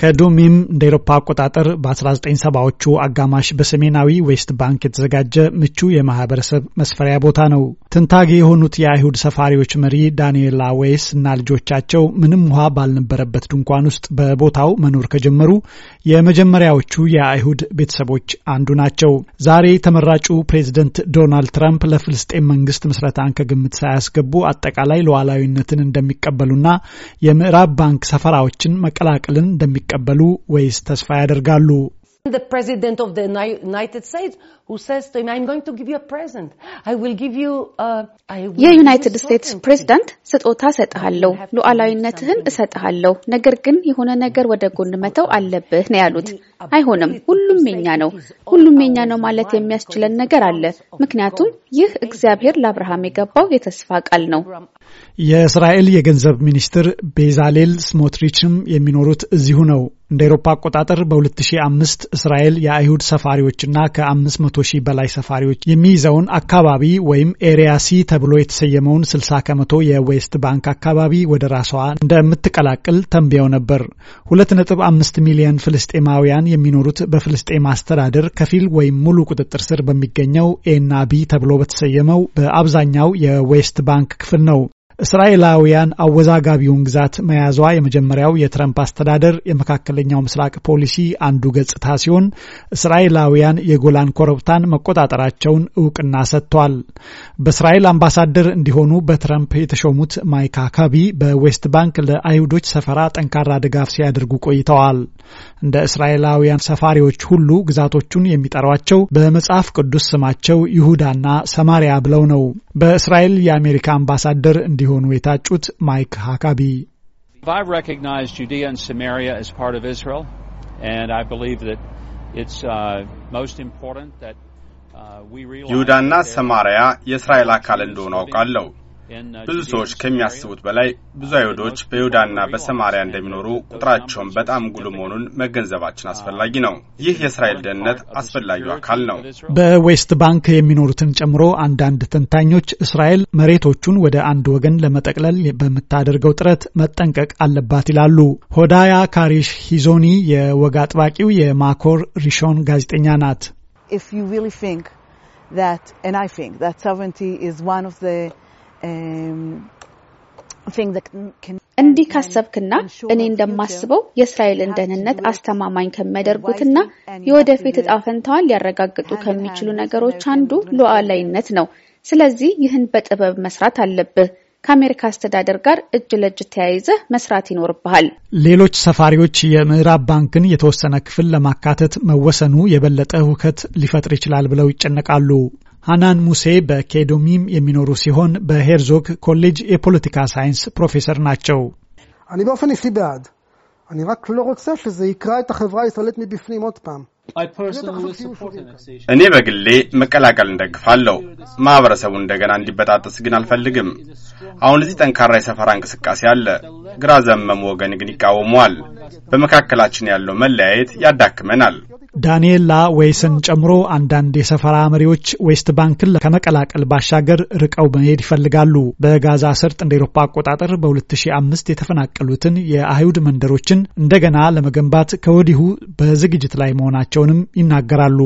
ከዱሚም እንደ ኤሮፓ አቆጣጠር በ1970ዎቹ አጋማሽ በሰሜናዊ ዌስት ባንክ የተዘጋጀ ምቹ የማህበረሰብ መስፈሪያ ቦታ ነው። ትንታጌ የሆኑት የአይሁድ ሰፋሪዎች መሪ ዳንኤላ ዌይስ እና ልጆቻቸው ምንም ውሃ ባልነበረበት ድንኳን ውስጥ በቦታው መኖር ከጀመሩ የመጀመሪያዎቹ የአይሁድ ቤተሰቦች አንዱ ናቸው። ዛሬ ተመራጩ ፕሬዚደንት ዶናልድ ትራምፕ ለፍልስጤን መንግስት ምስረታን ከግምት ሳያስገቡ አጠቃላይ ሉዓላዊነትን እንደሚቀበሉና የምዕራብ ባንክ ሰፈራዎችን መቀላቀልን እንደሚ ይቀበሉ ወይስ ተስፋ ያደርጋሉ? the president of the United States who says to him, I'm going to give you a present. I will give you a... Uh, የዩናይትድ ስቴትስ ፕሬዚዳንት ስጦታ እሰጥሃለሁ፣ ሉዓላዊነትህን እሰጥሃለሁ፣ ነገር ግን የሆነ ነገር ወደ ጎን መተው አለብህ ነው ያሉት። አይሆንም፣ ሁሉም የኛ ነው፣ ሁሉም የኛ ነው ማለት የሚያስችለን ነገር አለ። ምክንያቱም ይህ እግዚአብሔር ለአብርሃም የገባው የተስፋ ቃል ነው። የእስራኤል የገንዘብ ሚኒስትር ቤዛሌል ስሞትሪችም የሚኖሩት እዚሁ ነው። እንደ ኤሮፓ አቆጣጠር በ2005 እስራኤል የአይሁድ ሰፋሪዎችና ከ500 ሺህ በላይ ሰፋሪዎች የሚይዘውን አካባቢ ወይም ኤሪያ ሲ ተብሎ የተሰየመውን 60 ከመቶ የዌስት ባንክ አካባቢ ወደ ራሷ እንደምትቀላቅል ተንብየው ነበር። 2.5 ሚሊዮን ፍልስጤማውያን የሚኖሩት በፍልስጤም አስተዳደር ከፊል ወይም ሙሉ ቁጥጥር ስር በሚገኘው ኤና ቢ ተብሎ በተሰየመው በአብዛኛው የዌስት ባንክ ክፍል ነው። እስራኤላውያን አወዛጋቢውን ግዛት መያዟ የመጀመሪያው የትረምፕ አስተዳደር የመካከለኛው ምስራቅ ፖሊሲ አንዱ ገጽታ ሲሆን እስራኤላውያን የጎላን ኮረብታን መቆጣጠራቸውን እውቅና ሰጥቷል። በእስራኤል አምባሳደር እንዲሆኑ በትረምፕ የተሾሙት ማይካ ካቢ በዌስት ባንክ ለአይሁዶች ሰፈራ ጠንካራ ድጋፍ ሲያደርጉ ቆይተዋል። እንደ እስራኤላውያን ሰፋሪዎች ሁሉ ግዛቶቹን የሚጠሯቸው በመጽሐፍ ቅዱስ ስማቸው ይሁዳና ሰማሪያ ብለው ነው። በእስራኤል የአሜሪካ አምባሳደር እንዲ እንዲሆኑ የታጩት ማይክ ሃካቢ ይሁዳና uh, uh, ሰማርያ የእስራኤል አካል እንደሆኑ አውቃለሁ። Uh, ብዙ ሰዎች ከሚያስቡት በላይ ብዙ አይሁዶች በይሁዳና በሰማሪያ እንደሚኖሩ ቁጥራቸውን በጣም ጉሉ መሆኑን መገንዘባችን አስፈላጊ ነው። ይህ የእስራኤል ደህንነት አስፈላጊው አካል ነው። በዌስት ባንክ የሚኖሩትን ጨምሮ አንዳንድ ተንታኞች እስራኤል መሬቶቹን ወደ አንድ ወገን ለመጠቅለል በምታደርገው ጥረት መጠንቀቅ አለባት ይላሉ። ሆዳያ ካሪሽ ሂዞኒ የወግ አጥባቂው የማኮር ሪሾን ጋዜጠኛ ናት። Um, እንዲህ ካሰብክና እኔ እንደማስበው የእስራኤልን ደህንነት አስተማማኝ ከሚያደርጉትና የወደፊት እጣ ፈንታዋን ሊያረጋግጡ ከሚችሉ ነገሮች አንዱ ሉዓላዊነት ነው። ስለዚህ ይህን በጥበብ መስራት አለብህ። ከአሜሪካ አስተዳደር ጋር እጅ ለእጅ ተያይዘህ መስራት ይኖርብሃል። ሌሎች ሰፋሪዎች የምዕራብ ባንክን የተወሰነ ክፍል ለማካተት መወሰኑ የበለጠ ሁከት ሊፈጥር ይችላል ብለው ይጨነቃሉ። ሃናን ሙሴ በኬዶሚም የሚኖሩ ሲሆን በሄርዞግ ኮሌጅ የፖለቲካ ሳይንስ ፕሮፌሰር ናቸው። እኔ በግሌ መቀላቀል እንደግፋለሁ። ማህበረሰቡ እንደገና እንዲበጣጠስ ግን አልፈልግም። አሁን እዚህ ጠንካራ የሰፈራ እንቅስቃሴ አለ። ግራ ዘመሙ ወገን ግን ይቃወመዋል። በመካከላችን ያለው መለያየት ያዳክመናል። ዳንኤላ ዌይስን ጨምሮ አንዳንድ የሰፈራ መሪዎች ዌስት ባንክን ከመቀላቀል ባሻገር ርቀው መሄድ ይፈልጋሉ። በጋዛ ሰርጥ እንደ ኤሮፓ አቆጣጠር በ2005 የተፈናቀሉትን የአይሁድ መንደሮችን እንደገና ለመገንባት ከወዲሁ በዝግጅት ላይ መሆናቸውንም ይናገራሉ።